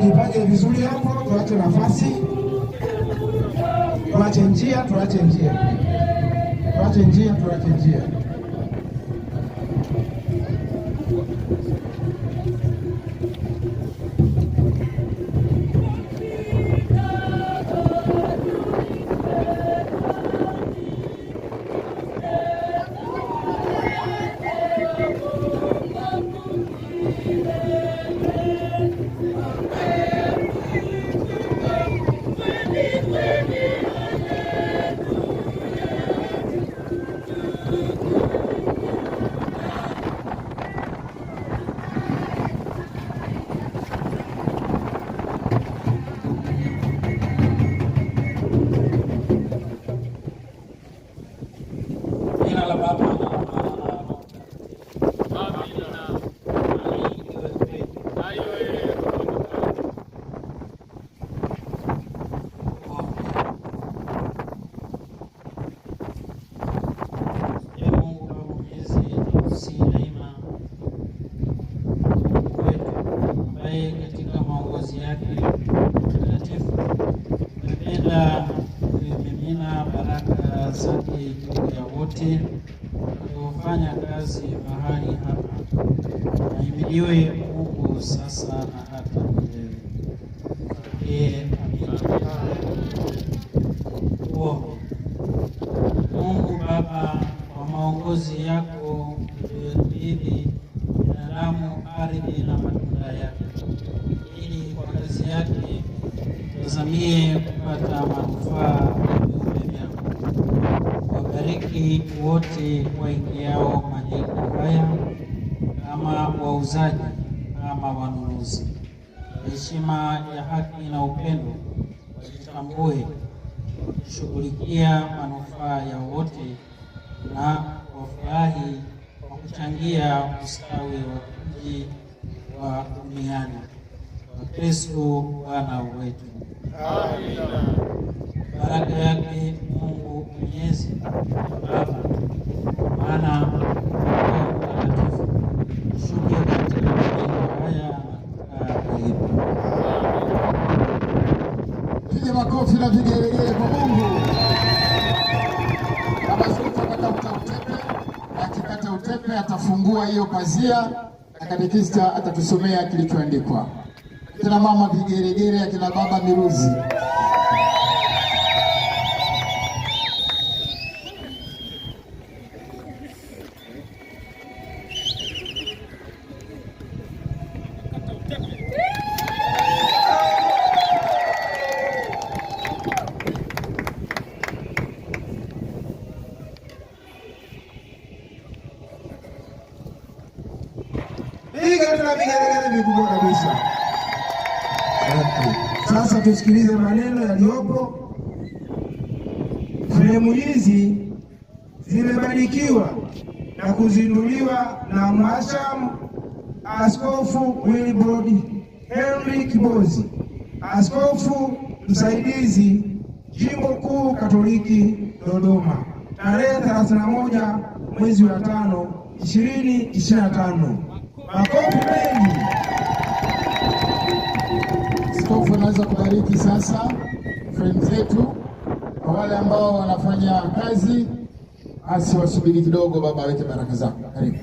tujipange vizuri hapo, tuache nafasi, tuache njia, tuache njia, tuache njia, tuache njia. baraka zake juu ya wote waliofanya kazi mahali hapa. Ahimidiwe Mungu sasa na hata milele. Ee Mungu Baba, kwa maongozi yako ulioridhi binadamu, ardhi na matunda yake, ili kwa kazi yake tazamie kupata manufaa washiriki wote waingiao majengo haya kama wauzaji ama wanunuzi, heshima ya haki na upendo wajitambue, kushughulikia manufaa ya wote na wafurahi kwa kuchangia ustawi wa mji wa duniani. Wakristo, Bwana wetu, amina. Baraka yake Mungu Mwenyezi Baba, Mwana Mtakatifu, shuke katika maeneo haya karibu. Piga makofi na vigelegele kwa Mungu. Kama sitakata utepe, akikata utepe atafungua hiyo pazia, akatekista atatusomea kilichoandikwa. Akina mama vigelegele, akina baba miruzi Tunapiga tunapiga kelele vikubwa kabisa. Sasa tusikilize maneno yaliyopo. Fremu hizi zimebarikiwa na kuzinduliwa na Mhashamu Askofu Wilbrod Henry Kibozi, askofu msaidizi jimbo kuu Katoliki Dodoma, tarehe 31 mwezi wa 5 2025. Makofi mengi. Askofu anaweza kubariki sasa fremu zetu. Kwa wale ambao wanafanya kazi, basi wasubiri kidogo, baba aweke baraka zako. Karibu.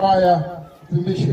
Haya, tumishe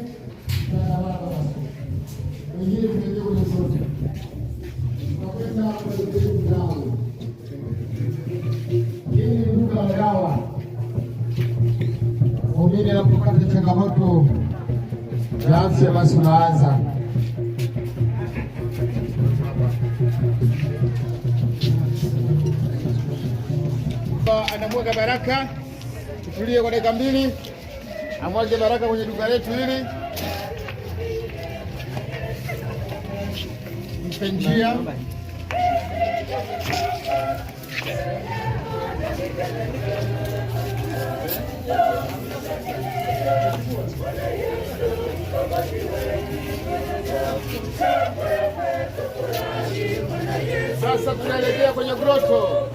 Msia tunaanza anamwaga baraka. Tutulie kwa dakika mbili, amwage baraka kwenye duka letu hili, mpe njia Sasa tunaelekea kwenye groto.